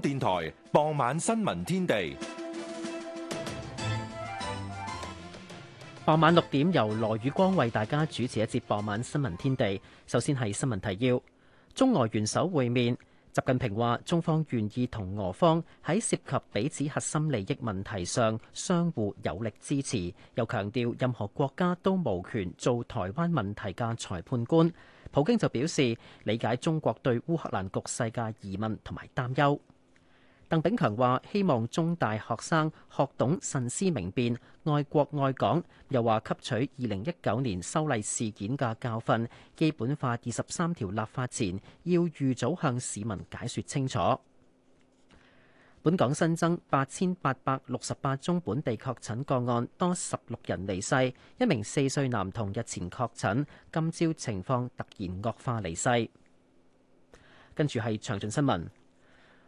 電台傍晚新聞天地。傍晚六點，由羅宇光為大家主持一節傍晚新聞天地。首先係新聞提要：中俄元首會面，習近平話中方願意同俄方喺涉及彼此核心利益問題上相互有力支持，又強調任何國家都無權做台灣問題嘅裁判官。普京就表示理解中國對烏克蘭局勢嘅疑問同埋擔憂。鄧炳強話：希望中大學生學懂慎思明辨，愛國愛港。又話吸取二零一九年修例事件嘅教訓，基本法二十三條立法前要預早向市民解說清楚。本港新增八千八百六十八宗本地確診個案，多十六人離世。一名四歲男童日前確診，今朝情況突然惡化離世。跟住係詳盡新聞。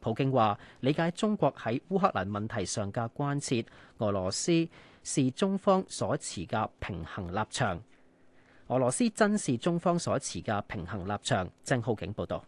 普京話：理解中國喺烏克蘭問題上嘅關切，俄羅斯是中方所持嘅平衡立場。俄羅斯真是中方所持嘅平衡立場。鄭浩景報導。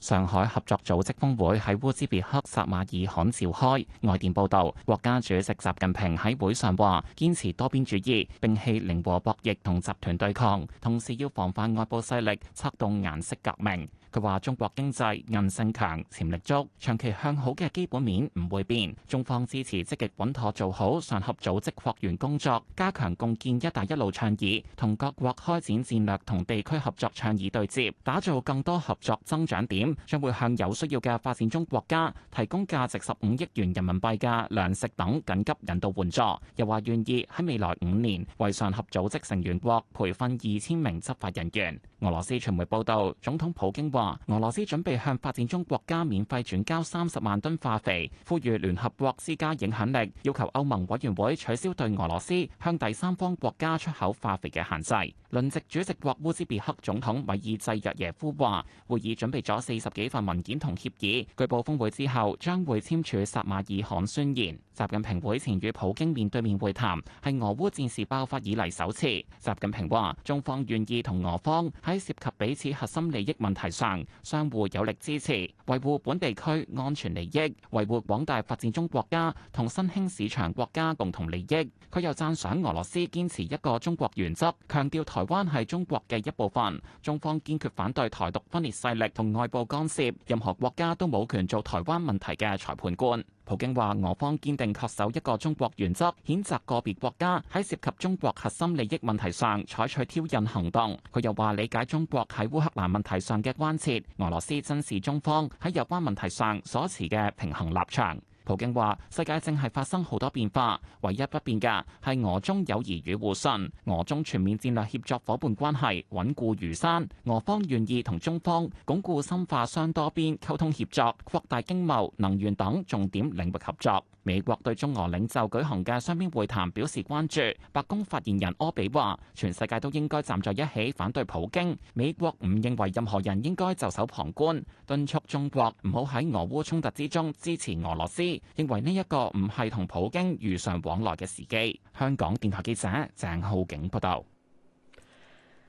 上海合作組織峰會喺烏茲別克撒馬爾罕召開。外電報導，國家主席習近平喺會上話：堅持多邊主義，摒棄零和博弈同集團對抗，同時要防範外部勢力策動顏色革命。佢話：中國經濟韌性強，潛力足，長期向好嘅基本面唔會變。中方支持積極穩妥做好上合組織擴員工作，加強共建“一帶一路”倡議，同各國開展戰略同地區合作倡議對接，打造更多合作增長點。將會向有需要嘅發展中國家提供價值十五億元人民幣嘅糧食等緊急人道援助。又話願意喺未來五年為上合組織成員國培訓二千名執法人員。俄羅斯傳媒報道，總統普京話：俄羅斯準備向發展中國家免費轉交三十萬噸化肥，呼籲聯合國施加影響力，要求歐盟委員會取消對俄羅斯向第三方國家出口化肥嘅限制。輪值主席國烏茲別克總統米爾濟約耶夫話：會議準備咗四十幾份文件同協議，據報峰會之後將會簽署薩馬爾罕宣言。習近平會前與普京面對面會談，係俄烏戰事爆發以嚟首次。習近平話：中方願意同俄方喺涉及彼此核心利益問題上，相互有力支持，維護本地區安全利益，維護廣大發展中國家同新興市場國家共同利益。佢又讚賞俄羅斯堅持一個中國原則，強調台灣係中國嘅一部分。中方堅決反對台獨分裂勢力同外部干涉，任何國家都冇權做台灣問題嘅裁判官。普京話：俄方堅定恪守一個中國原則，譴責個別國家喺涉及中國核心利益問題上採取挑釁行動。佢又話：理解中國喺烏克蘭問題上嘅關切，俄羅斯珍視中方喺有關問題上所持嘅平衡立場。普京話：世界正係發生好多變化，唯一不變嘅係俄中友誼與互信，俄中全面戰略協作伙伴關係穩固如山。俄方願意同中方鞏固深化雙多邊溝通協作，擴大經貿、能源等重點領域合作。美國對中俄領袖舉行嘅雙邊會談表示關注。白宮發言人柯比話：全世界都應該站在一起反對普京。美國唔認為任何人應該袖手旁觀，敦促中國唔好喺俄烏衝突之中支持俄羅斯，認為呢一個唔係同普京如常往來嘅時機。香港電台記者鄭浩景報道。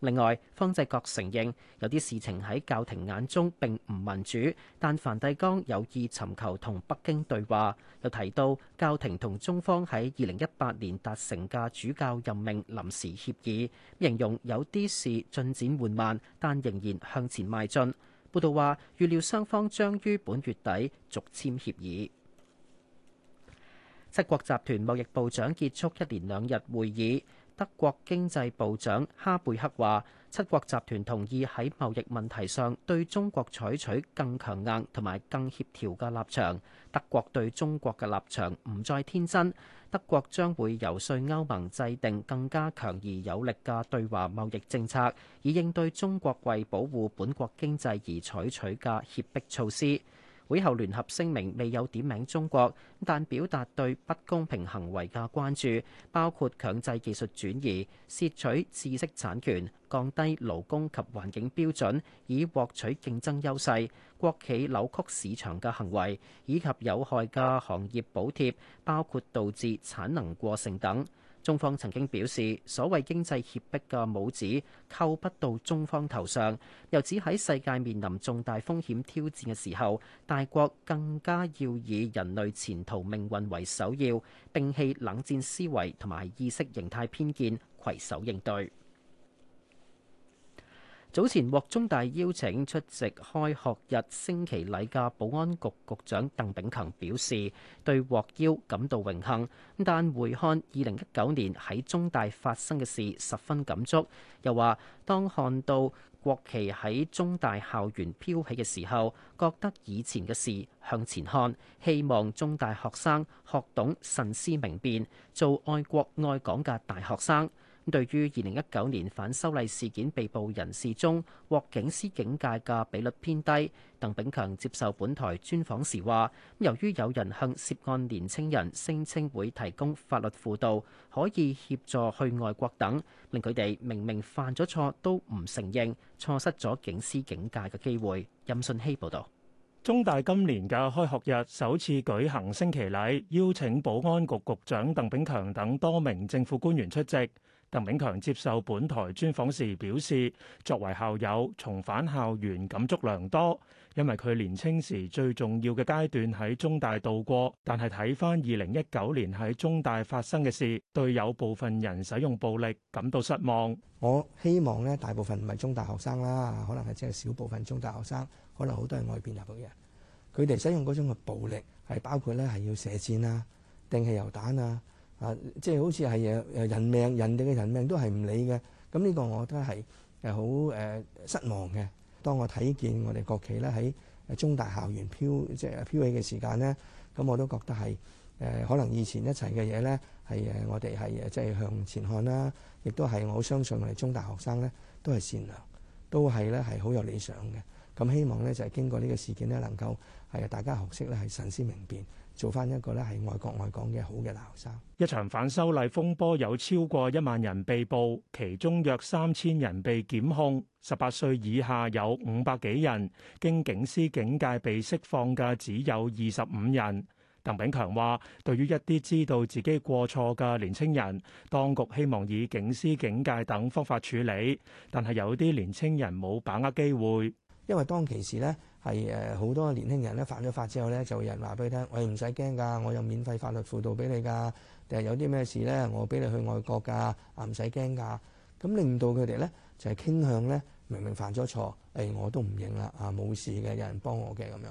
另外，方濟各承認有啲事情喺教廷眼中並唔民主，但梵蒂岡有意尋求同北京對話。又提到教廷同中方喺二零一八年達成嘅主教任命臨時協議，形容有啲事進展緩慢，但仍然向前邁進。報道話預料雙方將於本月底續簽協議。七國集團貿易部長結束一連兩日會議。德國經濟部長哈貝克話：七國集團同意喺貿易問題上對中國採取更強硬同埋更協調嘅立場。德國對中國嘅立場唔再天真。德國將會游說歐盟制定更加強而有力嘅對華貿易政策，以應對中國為保護本國經濟而採取嘅脅迫措施。會後聯合聲明未有點名中國，但表達對不公平行為嘅關注，包括強制技術轉移、竊取知識產權、降低勞工及環境標準，以獲取競爭優勢、國企扭曲市場嘅行為，以及有害嘅行業補貼，包括導致產能過剩等。中方曾經表示，所謂經濟脅迫嘅帽子扣不到中方頭上，又指喺世界面臨重大風險挑戰嘅時候，大國更加要以人類前途命運為首要，摒棄冷戰思維同埋意識形態偏見，攜手應對。早前獲中大邀請出席開學日升旗禮嘅保安局局長鄧炳強表示，對獲邀感到榮幸，但回看二零一九年喺中大發生嘅事十分感觸，又話當看到國旗喺中大校園飄起嘅時候，覺得以前嘅事向前看，希望中大學生學懂慎思明辨，做愛國愛港嘅大學生。對於二零一九年反修例事件被捕人士中獲警司警戒嘅比率偏低，鄧炳強接受本台專訪時話，由於有人向涉案年青人聲稱會提供法律輔導，可以協助去外國等，令佢哋明明犯咗錯都唔承認，錯失咗警司警戒嘅機會。任信希報導。中大今年嘅開學日首次舉行升旗禮，邀請保安局局長鄧炳強等多名政府官員出席。鄧炳強接受本台專訪時表示，作為校友重返校園，感觸良多，因為佢年青時最重要嘅階段喺中大度過。但係睇翻二零一九年喺中大發生嘅事，對有部分人使用暴力感到失望。我希望咧，大部分唔係中大學生啦，可能係即係少部分中大學生，可能好多係外邊入嚟嘅人，佢哋使用嗰種嘅暴力，係包括咧係要射箭啊、定係汽油彈啊。啊，即、就、係、是、好似係誒誒人命，人哋嘅人命都係唔理嘅。咁呢個我都係誒好誒失望嘅。當我睇見我哋國旗咧喺中大校園飄即係飄起嘅時間咧，咁我都覺得係誒、呃、可能以前一齊嘅嘢咧，係誒我哋係即係向前看啦。亦都係我相信我哋中大學生咧都係善良，都係咧係好有理想嘅。咁希望咧就係、是、經過呢個事件咧，能夠係大家學識咧係慎思明辨。做翻一個咧係外國外港嘅好嘅大學生。一場反修例風波有超過一萬人被捕，其中約三千人被檢控，十八歲以下有五百幾人，經警司警戒被釋放嘅只有二十五人。鄧炳強話：對於一啲知道自己過錯嘅年青人，當局希望以警司警戒等方法處理，但係有啲年青人冇把握機會，因為當其時呢。係誒，好多年輕人咧犯咗法之後咧，就有人話俾佢聽，我唔使驚㗎，我有免費法律輔導俾你㗎。定係有啲咩事咧，我俾你去外國㗎，啊唔使驚㗎。咁令到佢哋咧就係、是、傾向咧，明明犯咗錯，誒、哎、我都唔認啦，啊冇事嘅，有人幫我嘅咁樣。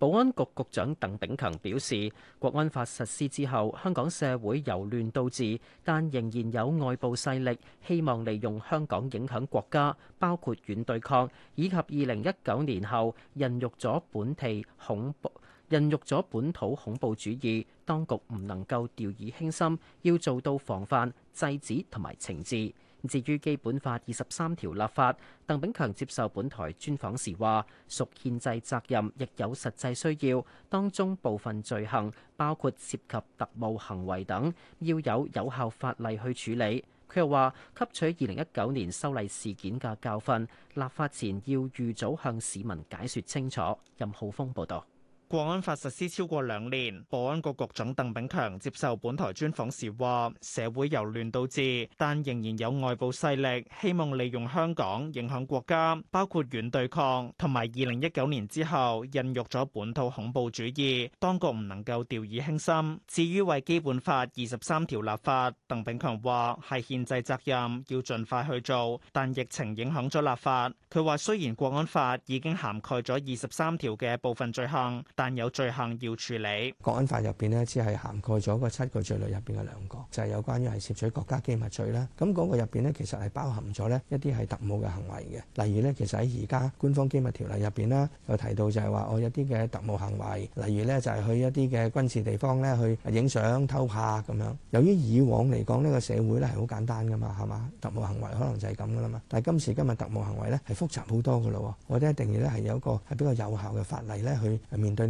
保安局局長鄧炳強表示，國安法實施之後，香港社會由亂到治，但仍然有外部勢力希望利用香港影響國家，包括軟對抗，以及二零一九年後孕育咗本地恐怖孕育咗本土恐怖主義，當局唔能夠掉以輕心，要做到防範、制止同埋懲治。至於基本法二十三條立法，鄧炳強接受本台專訪時話，屬憲制責任，亦有實際需要。當中部分罪行，包括涉及特務行為等，要有有效法例去處理。佢又話，吸取二零一九年修例事件嘅教訓，立法前要預早向市民解説清楚。任浩峰報導。國安法實施超過兩年，保安局局長鄧炳強接受本台專訪時話：社會由亂到治，但仍然有外部勢力希望利用香港影響國家，包括軟對抗同埋二零一九年之後孕育咗本土恐怖主義。當局唔能夠掉以輕心。至於為《基本法》二十三條立法，鄧炳強話係憲制責任，要盡快去做，但疫情影響咗立法。佢話雖然國安法已經涵蓋咗二十三條嘅部分罪行。但有罪行要處理《國安法》入邊呢，只係涵蓋咗個七個罪類入邊嘅兩個，就係有關於係攝取國家機密罪啦。咁嗰個入邊呢，其實係包含咗呢一啲係特務嘅行為嘅。例如呢，其實喺而家官方機密條例入邊啦，有提到就係話我有啲嘅特務行為，例如呢就係去一啲嘅軍事地方呢去影相偷拍咁樣。由於以往嚟講呢個社會呢係好簡單噶嘛，係嘛，特務行為可能就係咁噶啦嘛。但係今時今日特務行為呢係複雜好多噶咯喎，我哋一定要呢係有個係比較有效嘅法例呢去面對。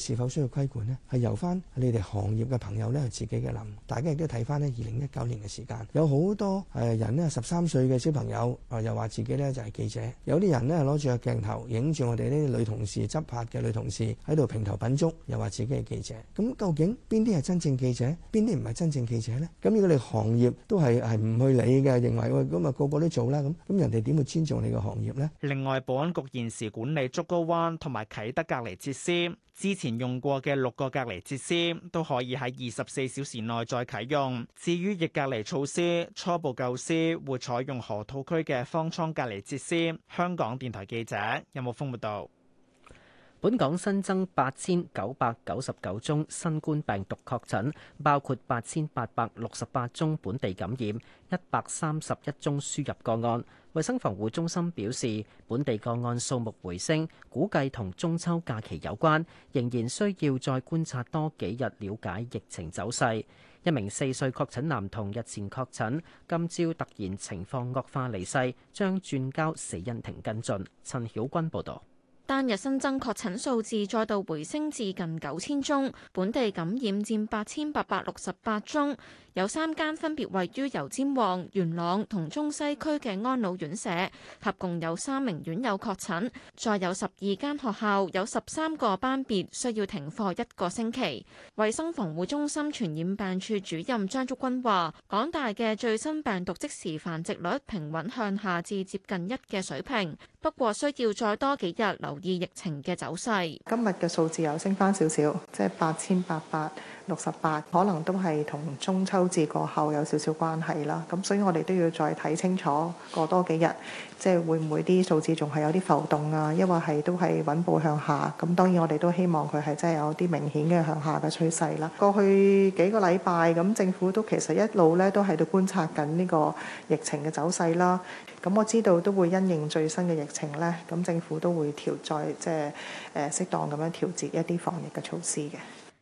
是否需要規管呢？係由翻你哋行業嘅朋友咧，自己嘅諗。大家亦都睇翻呢二零一九年嘅時間有好多誒人呢，十三歲嘅小朋友啊、呃，又話自己咧就係、是、記者。有啲人呢，攞住個鏡頭影住我哋呢啲女同事執拍嘅女同事喺度評頭品足，又話自己係記者。咁究竟邊啲係真正記者，邊啲唔係真正記者呢？咁如果你行業都係係唔去理嘅，認為咁啊個個都做啦，咁咁人哋點會尊重你個行業呢？另外，保安局現時管理竹篙灣同埋啟德隔離設施。之前用過嘅六個隔離設施都可以喺二十四小時內再啟用。至於逆隔離措施初步構思會採用河套區嘅方艙隔離設施。香港電台記者任木峰報道。有有本港新增八千九百九十九宗新冠病毒確診，包括八千八百六十八宗本地感染，一百三十一宗輸入個案。衛生防護中心表示，本地個案數目回升，估計同中秋假期有關，仍然需要再觀察多幾日，了解疫情走勢。一名四歲確診男童日前確診，今朝突然情況惡化離世，將轉交死因庭跟進。陳曉君報導。單日新增確診數字再度回升至近九千宗，本地感染佔八千八百六十八宗。有三間分別位於油尖旺、元朗同中西區嘅安老院舍，合共有三名院友確診。再有十二間學校，有十三個班別需要停課一個星期。衞生防護中心傳染病處主任張竹君話，港大嘅最新病毒即時繁殖率平穩向下至接近一嘅水平。不過需要再多幾日留意疫情嘅走勢。今日嘅數字又升返少少，即係八千八百，六十八，68，可能都係同中秋節過後有少少關係啦。咁所以我哋都要再睇清楚，過多幾日，即、就、係、是、會唔會啲數字仲係有啲浮動啊？抑或係都係穩步向下。咁當然我哋都希望佢係真係有啲明顯嘅向下嘅趨勢啦。過去幾個禮拜，咁政府都其實一路咧都喺度觀察緊呢個疫情嘅走勢啦。咁我知道都會因應最新嘅疫情咧，咁政府都會調再即係適當咁樣調節一啲防疫嘅措施嘅。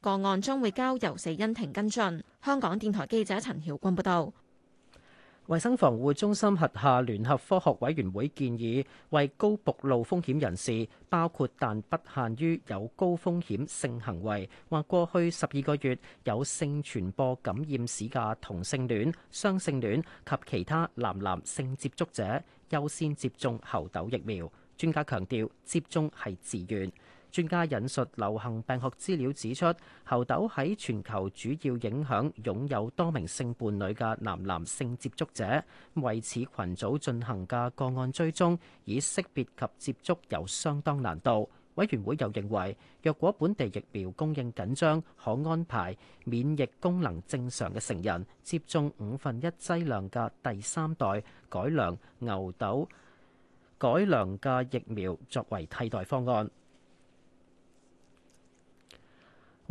個案將會交由死因庭跟進。香港電台記者陳曉君報道，衛生防護中心轄下聯合科學委員會建議，為高暴露風險人士，包括但不限於有高風險性行為或過去十二個月有性傳播感染史嘅同性戀、雙性戀及其他男男性接觸者，優先接種猴痘疫苗。專家強調，接種係自願。專家引述流行病學資料指出，猴痘喺全球主要影響擁有多名性伴侶嘅男男性接觸者，為此群組進行嘅個案追蹤，以識別及接觸有相當難度。委員會又認為，若果本地疫苗供應緊張，可安排免疫功能正常嘅成人接種五分一劑量嘅第三代改良牛痘改良嘅疫苗作為替代方案。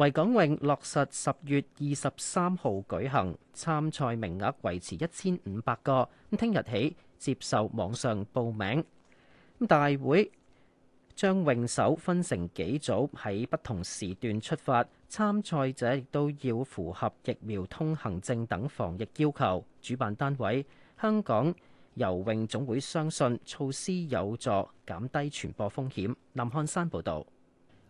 維港泳落實十月二十三號舉行，參賽名額維持一千五百個。咁聽日起接受網上報名。大會將泳手分成幾組，喺不同時段出發。參賽者亦都要符合疫苗通行證等防疫要求。主辦單位香港游泳總會相信措施有助減低傳播風險。林漢山報道。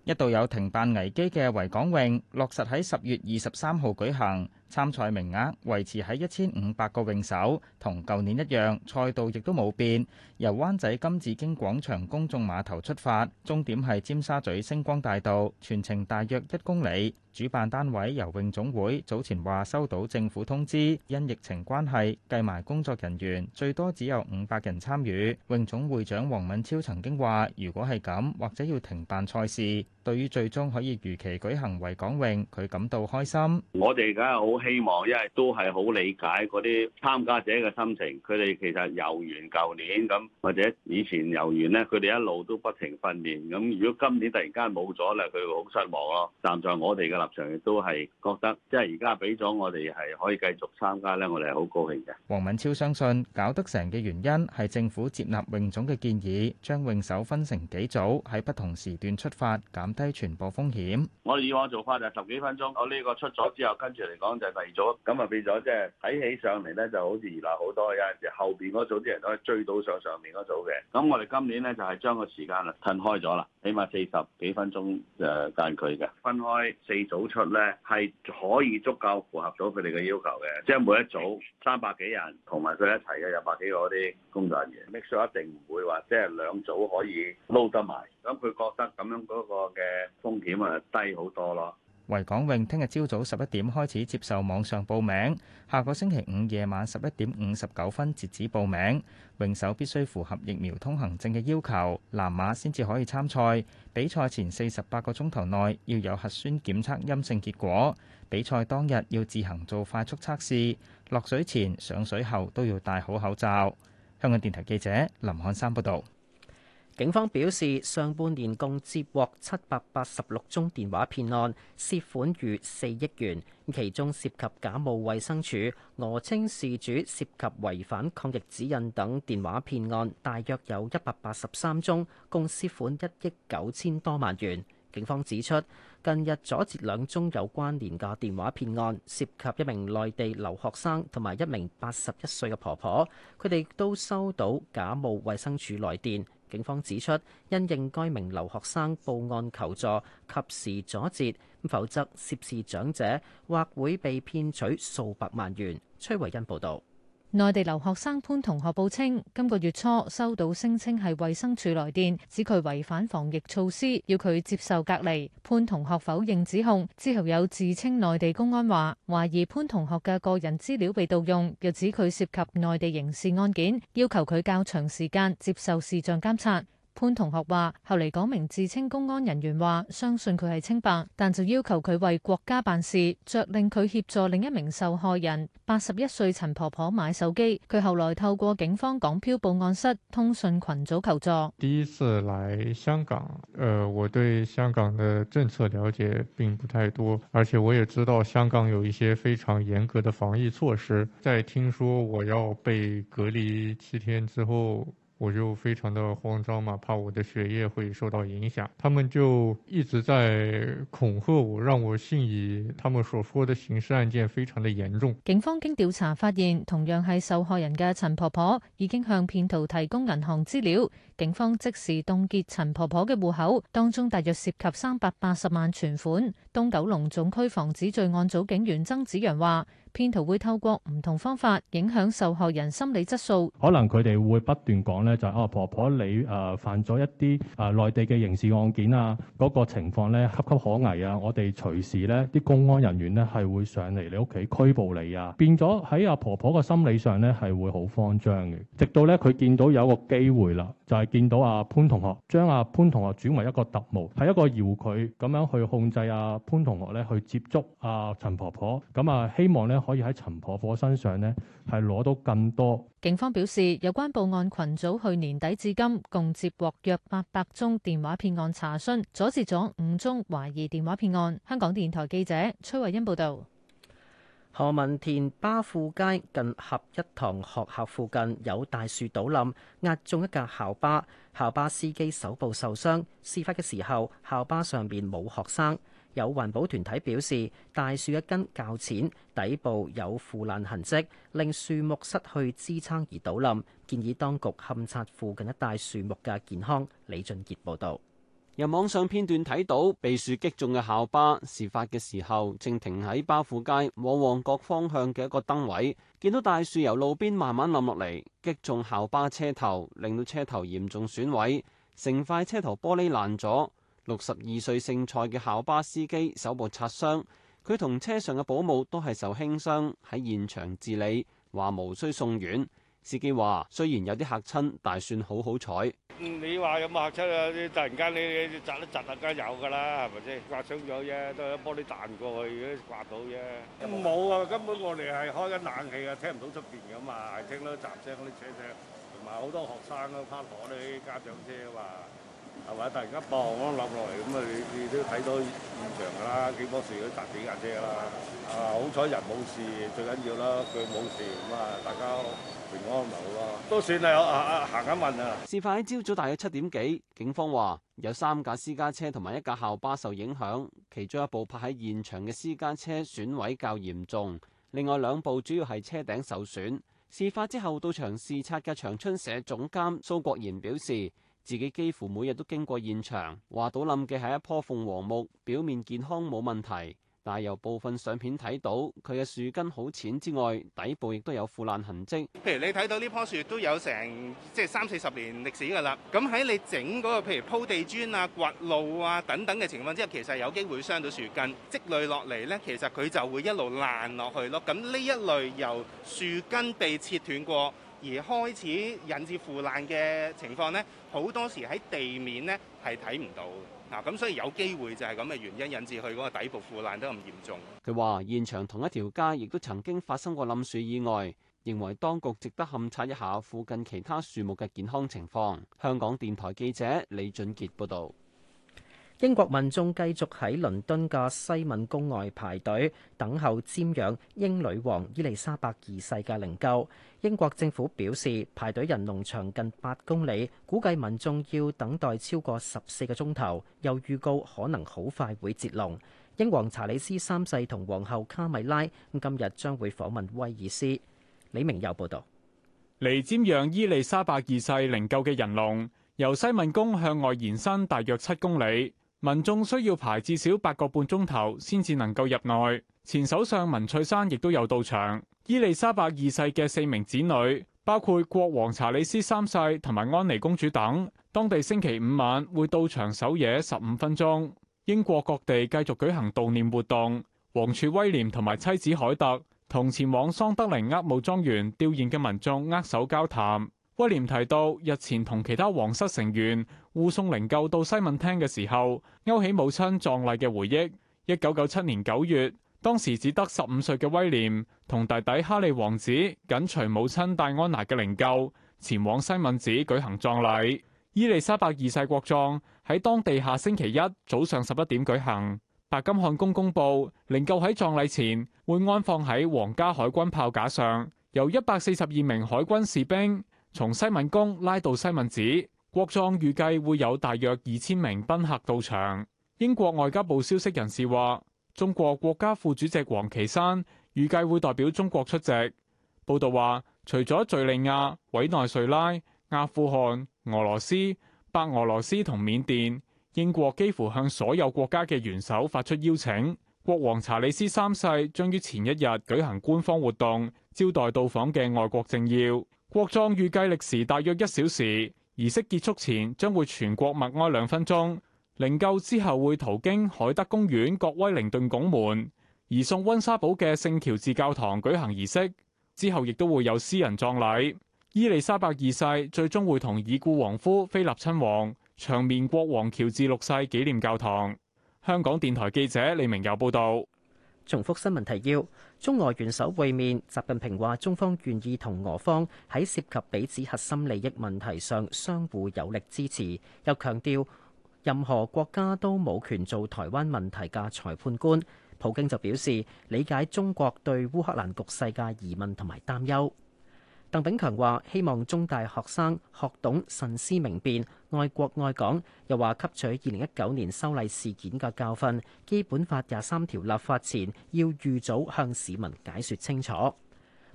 一度有停辦危機嘅維港泳，落實喺十月二十三號舉行。參賽名額維持喺一千五百個泳手，同舊年一樣。賽道亦都冇變，由灣仔金紫荊廣場公眾碼頭出發，終點係尖沙咀星光大道，全程大約一公里。主辦單位游泳總會早前話收到政府通知，因疫情關係，計埋工作人員，最多只有五百人參與。泳總會長王敏超曾經話：如果係咁，或者要停辦賽事。對於最終可以如期舉行維港泳，佢感到開心。我哋梗係好希望，因為都係好理解嗰啲參加者嘅心情。佢哋其實遊完舊年咁，或者以前遊完呢，佢哋一路都不停訓練。咁如果今年突然間冇咗咧，佢會好失望咯。站在我哋嘅立場，亦都係覺得，即係而家俾咗我哋係可以繼續參加咧，我哋係好高興嘅。黃敏超相信搞得成嘅原因係政府接納泳總嘅建議，將泳手分成幾組喺不同時段出發，低傳播風險。我哋以往做法就十幾分鐘，我呢個出咗之後，跟住嚟講就第二組，咁啊變咗即係睇起上嚟咧，就好似熱鬧好多。有陣時後邊嗰組啲人都可以追到上上面嗰組嘅。咁我哋今年咧就係將個時間啊，褪開咗啦，起碼四十幾分鐘嘅間距嘅。分開四組出咧，係可以足夠符合到佢哋嘅要求嘅。即係每一組三百幾人，同埋佢一齊嘅有百幾個啲工作人員，make sure、嗯、一定唔會話即係兩組可以撈得埋。咁佢覺得咁樣嗰、那個，嘅風險啊，低好多咯！維港泳聽日朝早十一點開始接受網上報名，下個星期五夜晚十一點五十九分截止報名。泳手必須符合疫苗通行證嘅要求，藍碼先至可以參賽。比賽前四十八個鐘頭內要有核酸檢測陰性結果，比賽當日要自行做快速測試。落水前、上水後都要戴好口罩。香港電台記者林漢山報導。警方表示，上半年共接獲七百八十六宗電話騙案，涉款逾四億元。其中涉及假冒衛生署、訛稱事主涉及違反抗疫指引等電話騙案，大約有一百八十三宗，共涉款一億九千多萬元。警方指出，近日阻截兩宗有關聯嘅電話騙案，涉及一名內地留學生同埋一名八十一歲嘅婆婆，佢哋都收到假冒衛生署來電。警方指出，因應該名留學生報案求助，及時阻截，否則涉事長者或會被騙取數百萬元。崔慧恩報導。內地留學生潘同學報稱，今個月初收到聲稱係衛生署來電，指佢違反防疫措施，要佢接受隔離。潘同學否認指控，之後有自稱內地公安話，懷疑潘同學嘅個人資料被盜用，又指佢涉及內地刑事案件，要求佢較長時間接受視像監察。潘同學話，後嚟講明自稱公安人員話，相信佢係清白，但就要求佢為國家辦事，著令佢協助另一名受害人八十一歲陳婆婆買手機。佢後來透過警方港漂報案室通訊群組求助。第一次嚟香港，呃，我對香港的政策了解並不太多，而且我也知道香港有一些非常嚴格的防疫措施。在聽說我要被隔離七天之後，我就非常的慌張嘛，怕我的血液會受到影響。他們就一直在恐嚇我，讓我信以他們所說的刑事案件非常的嚴重。警方經調查發現，同樣係受害人嘅陳婆婆已經向騙徒提供銀行資料，警方即時凍結陳婆婆嘅戶口，當中大約涉及三百八十萬存款。東九龍總區防止罪案組警員曾子陽話。騙徒會透過唔同方法影響受害人心理質素，可能佢哋會不斷講咧，就係、是、哦、啊、婆婆你誒、啊、犯咗一啲誒內地嘅刑事案件啊，嗰、那個情況咧岌岌可危啊，我哋隨時咧啲公安人員咧係會上嚟你屋企拘捕你啊，變咗喺阿婆婆嘅心理上咧係會好慌張嘅，直到咧佢見到有個機會啦。就係見到阿潘同學將阿潘同學轉為一個特務，係一個搖佢咁樣去控制阿潘同學咧，去接觸阿陳婆婆，咁啊希望咧可以喺陳婆婆身上咧係攞到更多。警方表示，有關報案群組去年底至今共接獲約八百宗電話騙案查詢，阻截咗五宗懷疑電話騙案。香港電台記者崔慧欣報道。何文田巴富街近合一堂學校附近有大樹倒冧，壓中一架校巴，校巴司機手部受傷。事發嘅時候，校巴上面冇學生。有環保團體表示，大樹一根較淺，底部有腐爛痕跡，令樹木失去支撐而倒冧。建議當局勘察附近一帶樹木嘅健康。李俊杰報道。由網上片段睇到，被樹擊中嘅校巴，事發嘅時候正停喺巴富街往旺角方向嘅一個燈位，見到大樹由路邊慢慢冧落嚟，擊中校巴車頭，令到車頭嚴重損毀，成塊車頭玻璃爛咗。六十二歲姓蔡嘅校巴司機手部擦傷，佢同車上嘅保姆都係受輕傷，喺現場治理，話無需送院。司機話：雖然有啲嚇親，但係算好好彩。你話有冇嚇親啊？突然間你你窒都窒得，梗有噶啦，係咪先？刮傷咗啫，都係玻璃彈過去，啲刮到啫。冇啊，根本我哋係開緊冷氣啊，聽唔到出邊噶嘛，係聽到雜聲嗰啲車聲，同埋好多學生都返學呢啲家長車話。係嘛？突然間爆咁笠落嚟，咁啊你你都睇到現場㗎啦，幾樖樹都搭幾架車啦。啊，好彩人冇事，最緊要啦，佢冇事，咁啊大家平安咪好咯。都算啦、啊啊啊，行一問啊。事發喺朝早大約七點幾，警方話有三架私家車同埋一架校巴受影響，其中一部泊喺現場嘅私家車損毀較嚴重，另外兩部主要係車頂受損。事發之後到場視察嘅長春社總監蘇國賢表示。自己幾乎每日都經過現場，話倒冧嘅係一棵鳳凰木，表面健康冇問題，但由部分相片睇到，佢嘅樹根好淺之外，底部亦都有腐爛痕跡。譬如你睇到呢棵樹都有成即係三四十年歷史㗎啦。咁喺你整嗰個譬如鋪地磚啊、掘路啊等等嘅情況之下，其實有機會傷到樹根，積累落嚟呢，其實佢就會一路爛落去咯。咁呢一類由樹根被切斷過而開始引致腐爛嘅情況呢。好多時喺地面呢係睇唔到，嗱、啊、咁所以有機會就係咁嘅原因引致佢嗰個底部腐爛得咁嚴重。佢話：現場同一條街亦都曾經發生過冧樹意外，認為當局值得勘察一下附近其他樹木嘅健康情況。香港電台記者李俊傑報道。英國民眾繼續喺倫敦嘅西敏宮外排隊，等候瞻仰英女王伊麗莎白二世嘅靈柩。英國政府表示，排隊人龍長近八公里，估計民眾要等待超過十四個鐘頭。又預告可能好快會截龍。英皇查理斯三世同皇后卡米拉今日將會訪問威爾斯。李明友報導。嚟瞻仰伊麗莎白二世靈柩嘅人龍，由西敏宮向外延伸大約七公里。民眾需要排至少八個半鐘頭先至能夠入內。前首相文翠珊亦都有到場。伊麗莎白二世嘅四名子女，包括國王查理斯三世同埋安妮公主等，當地星期五晚會到場守夜十五分鐘。英國各地繼續舉行悼念活動。王儲威廉同埋妻子凱特同前往桑德靈厄姆莊園吊唁嘅民眾握手交談。威廉提到，日前同其他皇室成員護送靈柩到西敏廳嘅時候，勾起母親葬禮嘅回憶。一九九七年九月，當時只得十五歲嘅威廉同弟弟哈利王子緊隨母親戴安娜嘅靈柩前往西敏寺舉行葬禮。伊利沙伯二世國葬喺當地下星期一早上十一點舉行。白金漢宮公佈，靈柩喺葬禮前會安放喺皇家海軍炮架上，由一百四十二名海軍士兵，從西敏宮，拉到西敏寺，國葬預計會有大約二千名賓客到場。英國外交部消息人士話，中國國家副主席王岐山預計會代表中國出席。報道話，除咗敘利亞、委內瑞拉、阿富汗、俄羅斯、白俄羅斯同緬甸，英國幾乎向所有國家嘅元首發出邀請。國王查理斯三世將於前一日舉行官方活動，招待到訪嘅外國政要。國葬預計歷時大約一小時，儀式結束前將會全國默哀兩分鐘。靈柩之後會途經海德公園、國威靈頓拱門，移送溫莎堡嘅聖喬治教堂舉行儀式，之後亦都會有私人葬禮。伊麗莎白二世最終會同已故王夫菲立親王長眠國王喬治六世紀念教堂。香港電台記者李明游報道。重複新聞提要：中俄元首會面，習近平話中方願意同俄方喺涉及彼此核心利益問題上相互有力支持，又強調任何國家都冇權做台灣問題嘅裁判官。普京就表示理解中國對烏克蘭局勢嘅疑問同埋擔憂。鄧炳強話：希望中大學生學懂慎思明辨、愛國愛港。又話吸取二零一九年修例事件嘅教訓，基本法廿三條立法前要預早向市民解說清楚。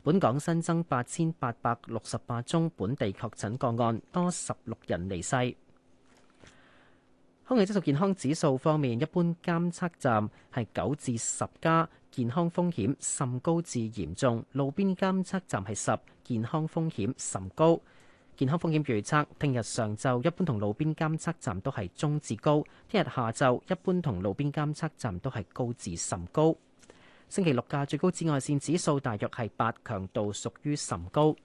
本港新增八千八百六十八宗本地確診個案，多十六人離世。空氣質素健康指數方面，一般監測站係九至十加。健康風險甚高至嚴重，路邊監測站係十，健康風險甚高。健康風險預測，聽日上晝一般同路邊監測站都係中至高，聽日下晝一般同路邊監測站都係高至甚高。星期六嘅最高紫外線指數大約係八，強度屬於甚高。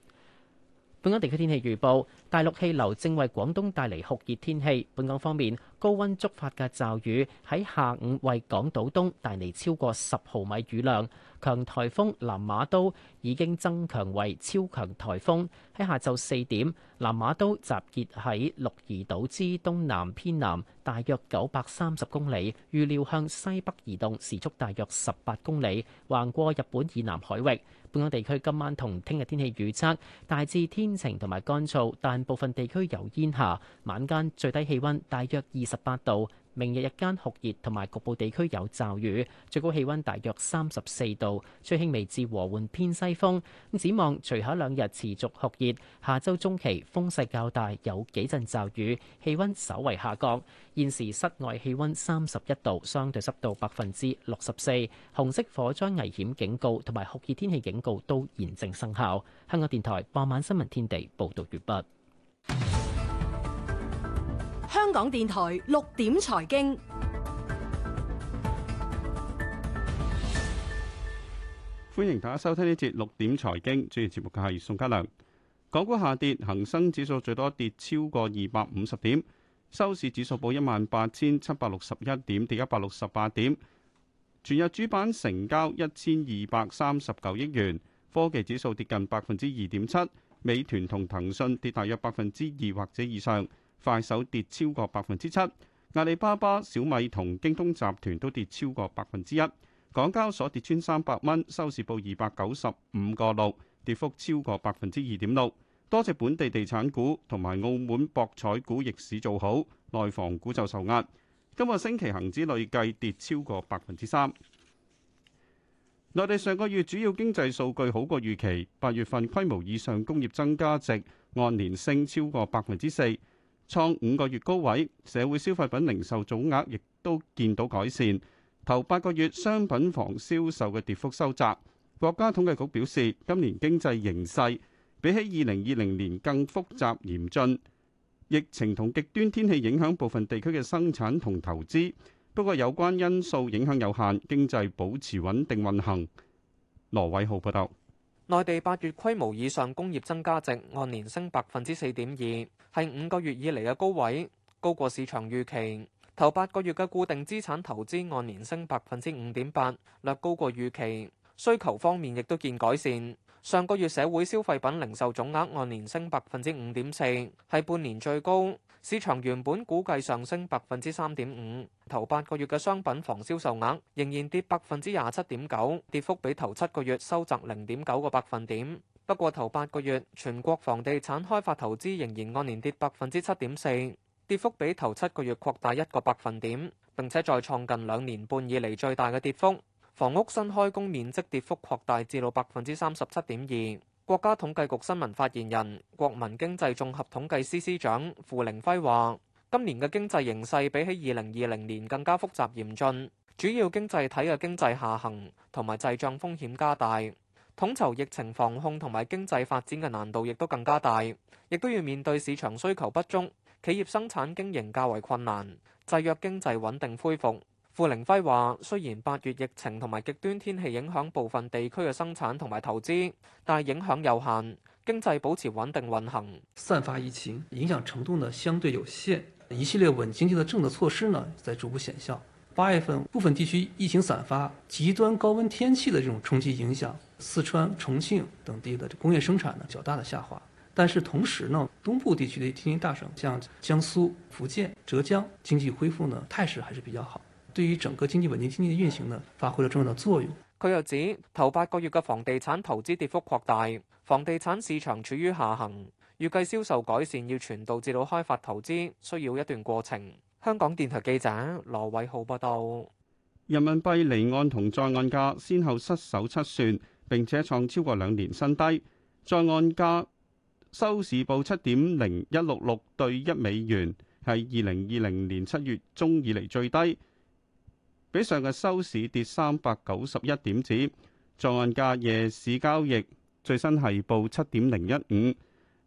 本港地區天氣預報。大陸氣流正為廣東帶嚟酷熱天氣。本港方面，高温觸發嘅驟雨喺下午為港島東帶嚟超過十毫米雨量。強颱風南馬都已經增強為超強颱風，喺下晝四點，南馬都集結喺鹿兒島之東南偏南，大約九百三十公里，預料向西北移動，時速大約十八公里，橫過日本以南海域。本港地區今晚同聽日天氣預測，大致天晴同埋乾燥，但部分地區有煙霞，晚間最低氣温大約二十八度。明日日間酷熱，同埋局部地區有驟雨，最高氣温大約三十四度，吹輕微至和緩偏西風。咁展望，隨後兩日持續酷熱，下週中期風勢較大，有幾陣驟雨，氣温稍為下降。現時室外氣温三十一度，相對濕度百分之六十四。紅色火災危險警告同埋酷熱天氣警告都現正生效。香港電台傍晚新聞天地報道完畢。香港電台六點財經，歡迎大家收聽呢節六點財經。主持節目嘅係宋嘉良。港股下跌，恒生指數最多跌超過二百五十點，收市指數報一萬八千七百六十一點，跌一百六十八點。全日主板成交一千二百三十九億元，科技指數跌近百分之二點七，美團同騰訊跌大約百分之二或者以上。快手跌超過百分之七，阿里巴巴、小米同京東集團都跌超過百分之一。港交所跌穿三百蚊，收市報二百九十五個六，跌幅超過百分之二點六。多隻本地地產股同埋澳門博彩股逆市做好，內房股就受壓。今個星期恆指累計跌超過百分之三。內地上個月主要經濟數據好過預期，八月份規模以上工業增加值按年升超過百分之四。創五個月高位，社會消費品零售總額亦都見到改善。頭八個月，商品房銷售嘅跌幅收窄。國家統計局表示，今年經濟形勢比起二零二零年更複雜嚴峻，疫情同極端天氣影響部分地區嘅生產同投資，不過有關因素影響有限，經濟保持穩定運行。羅偉浩報道。內地八月規模以上工業增加值按年升百分之四點二，係五個月以嚟嘅高位，高過市場預期。頭八個月嘅固定資產投資按年升百分之五點八，略高過預期。需求方面亦都見改善。上個月社會消費品零售總額按年升百分之五點四，係半年最高。市場原本估計上升百分之三點五，頭八個月嘅商品房銷售額仍然跌百分之廿七點九，跌幅比頭七個月收窄零點九個百分點。不過頭八個月全國房地產開發投資仍然按年跌百分之七點四，跌幅比頭七個月擴大一個百分點，並且再創近兩年半以嚟最大嘅跌幅。房屋新開工面積跌幅擴大至到百分之三十七點二。國家統計局新聞發言人、國民經濟綜合統計司司長付凌暉話，今年嘅經濟形勢比起二零二零年更加複雜嚴峻，主要經濟體嘅經濟下行同埋滯脹風險加大，統籌疫情防控同埋經濟發展嘅難度亦都更加大，亦都要面對市場需求不足、企業生產經營較為困難、制約經濟穩定恢復。傅靈輝話，雖然八月疫情同埋極端天氣影響部分地區嘅生產同埋投資，但係影響有限，經濟保持穩定運行。散發疫情影響程度呢，相對有限。一系列穩經濟的政策措施呢，在逐步顯效。八月份，部分地區疫情散發，極端高溫天氣的這種衝擊影響，四川、重慶等地的工業生產呢，較大的下滑。但是同時呢，東部地區的經濟大省，像江蘇、福建、浙江，經濟恢復呢，態勢還是比較好。對於整個經濟穩定、經濟嘅運行呢，發揮了重要的作用。佢又指，頭八個月嘅房地產投資跌幅擴大，房地產市場處於下行。預計銷售改善要傳導至到開發投資，需要一段過程。香港電台記者羅偉浩報道。人民幣離岸同在岸價先後失守七算，並且創超過兩年新低，在岸價收市報七點零一六六對一美元，係二零二零年七月中以嚟最低。比上日收市跌三百九十一點止，在岸價夜市交易最新係報七點零一五，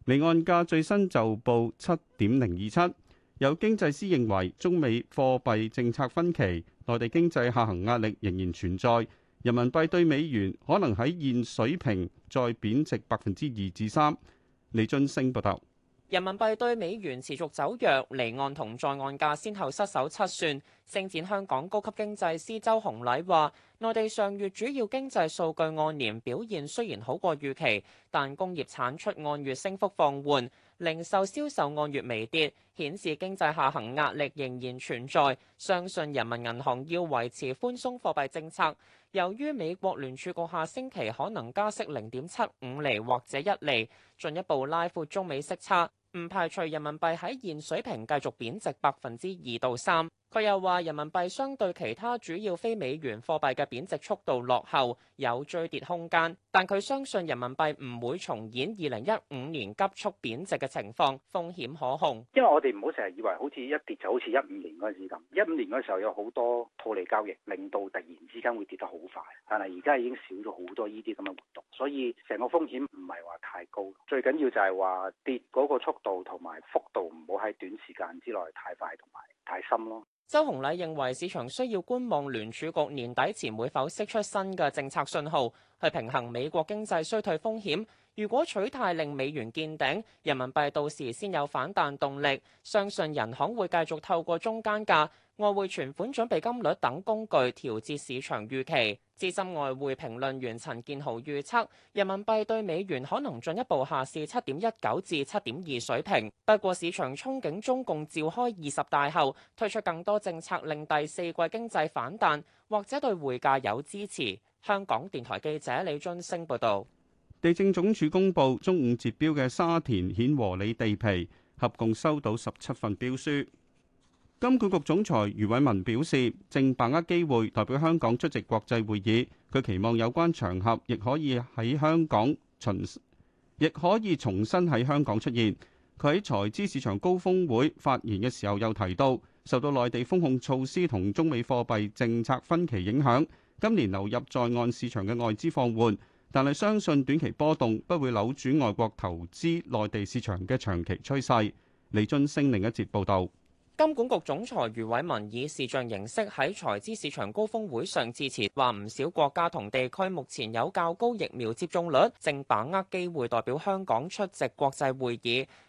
離岸價最新就報七點零二七。有經濟師認為，中美貨幣政策分歧，內地經濟下行壓力仍然存在，人民幣對美元可能喺現水平再貶值百分之二至三。3，李俊升報道。人民幣對美元持續走弱，離岸同在岸價先後失守七算。星展香港高級經濟師周洪禮話，內地上月主要經濟數據按年表現雖然好過預期，但工業產出按月升幅放緩，零售銷售按月微跌，顯示經濟下行壓力仍然存在。相信人民銀行要維持寬鬆貨幣政策。由於美國聯儲局下星期可能加息零點七五厘或者一厘，進一步拉闊中美息差。唔排除人民幣喺現水平繼續貶值百分之二到三。佢又話：人民幣相對其他主要非美元貨幣嘅貶值速度落後，有追跌空間。但佢相信人民幣唔會重演二零一五年急速貶值嘅情況，風險可控。因為我哋唔好成日以為好似一跌就好似一五年嗰陣時咁。一五年嗰時候有好多套利交易，令到突然之間會跌得好快。但係而家已經少咗好多呢啲咁嘅活動，所以成個風險唔係話太高。最緊要就係話跌嗰個速度同埋幅度唔好喺短時間之內太快，同埋。睇深咯。周洪禮認為市場需要觀望聯儲局年底前會否釋出新嘅政策信號，去平衡美國經濟衰退風險。如果取態令美元見頂，人民幣到時先有反彈動力。相信人行會繼續透過中間價。外匯存款準備金率等工具調節市場預期。資深外匯評論員陳建豪預測，人民幣對美元可能進一步下試七點一九至七點二水平。不過市場憧憬中共召開二十大後推出更多政策，令第四季經濟反彈，或者對匯價有支持。香港電台記者李津升報道：「地政總署公布中午截標嘅沙田顯和里地皮，合共收到十七份標書。金管局總裁余偉文表示，正把握機會代表香港出席國際會議。佢期望有關場合亦可以喺香港巡，亦可以重新喺香港出現。佢喺財資市場高峰會發言嘅時候，又提到受到內地封控措施同中美貨幣政策分歧影響，今年流入在岸市場嘅外資放緩，但係相信短期波動不會扭轉外國投資內地市場嘅長期趨勢。李俊升另一節報道。金管局總裁余偉文以視像形式喺財資市場高峰會上致辭，話唔少國家同地區目前有較高疫苗接種率，正把握機會代表香港出席國際會議。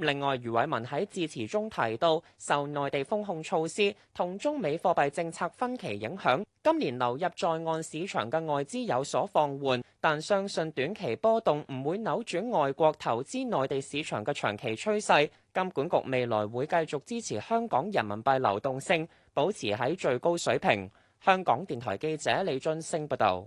另外，余偉文喺致辭中提到，受內地封控措施同中美貨幣政策分歧影響，今年流入在岸市場嘅外資有所放緩，但相信短期波動唔會扭轉外國投資內地市場嘅長期趨勢。金管局未來會繼續支持香港人民幣流動性保持喺最高水平。香港電台記者李俊星報道，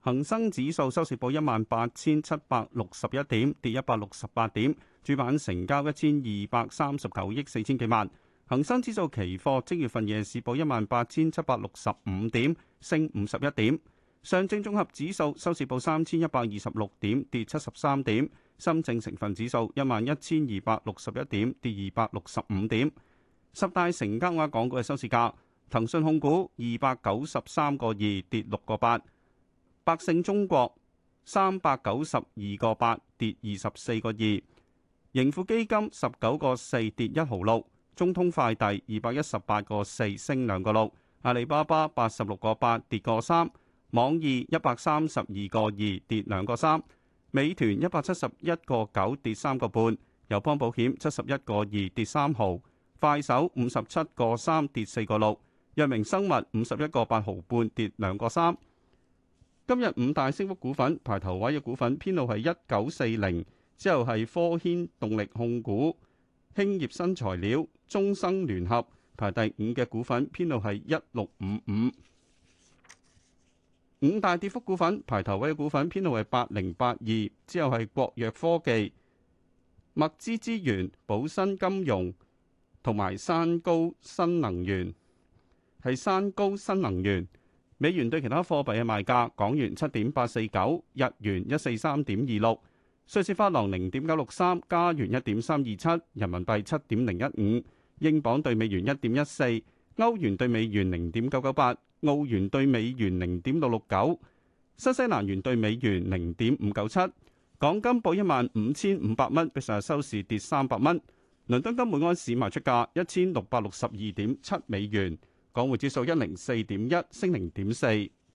恒生指數收市報一萬八千七百六十一點，跌一百六十八點。主板成交一千二百三十九億四千幾萬，恒生指數期貨即月份夜市報一萬八千七百六十五點，升五十一點。上證綜合指數收市報三千一百二十六點，跌七十三點。深證成分指數一萬一千二百六十一點，跌二百六十五點。十大成交額港股嘅收市價，騰訊控股二百九十三個二，跌六個八；百勝中國三百九十二個八，跌二十四個二。盈富基金十九個四跌一毫六，中通快遞二百一十八個四升兩個六，阿里巴巴八十六個八跌個三，網易一百三十二個二跌兩個三，美團一百七十一個九跌三個半，友邦保險七十一個二跌三毫，快手五十七個三跌四個六，藥明生物五十一個八毫半跌兩個三。今日五大升幅股份排頭位嘅股份，編號係一九四零。之後係科軒動力控股、興業新材料、中生聯合排第五嘅股份，編號係一六五五。五大跌幅股份排頭位嘅股份，編號係八零八二，之後係國藥科技、麥芝資源、寶新金融同埋山高新能源，係山高新能源。美元對其他貨幣嘅賣價：港元七點八四九，日元一四三點二六。瑞士法郎零點九六三，加元一點三二七，人民幣七點零一五，英鎊對美元一點一四，歐元對美元零點九九八，澳元對美元零點六六九，新西蘭元對美元零點五九七。港金報一萬五千五百蚊，比上日收市跌三百蚊。倫敦金每安士賣出價一千六百六十二點七美元。港匯指數一零四點一，升零點四。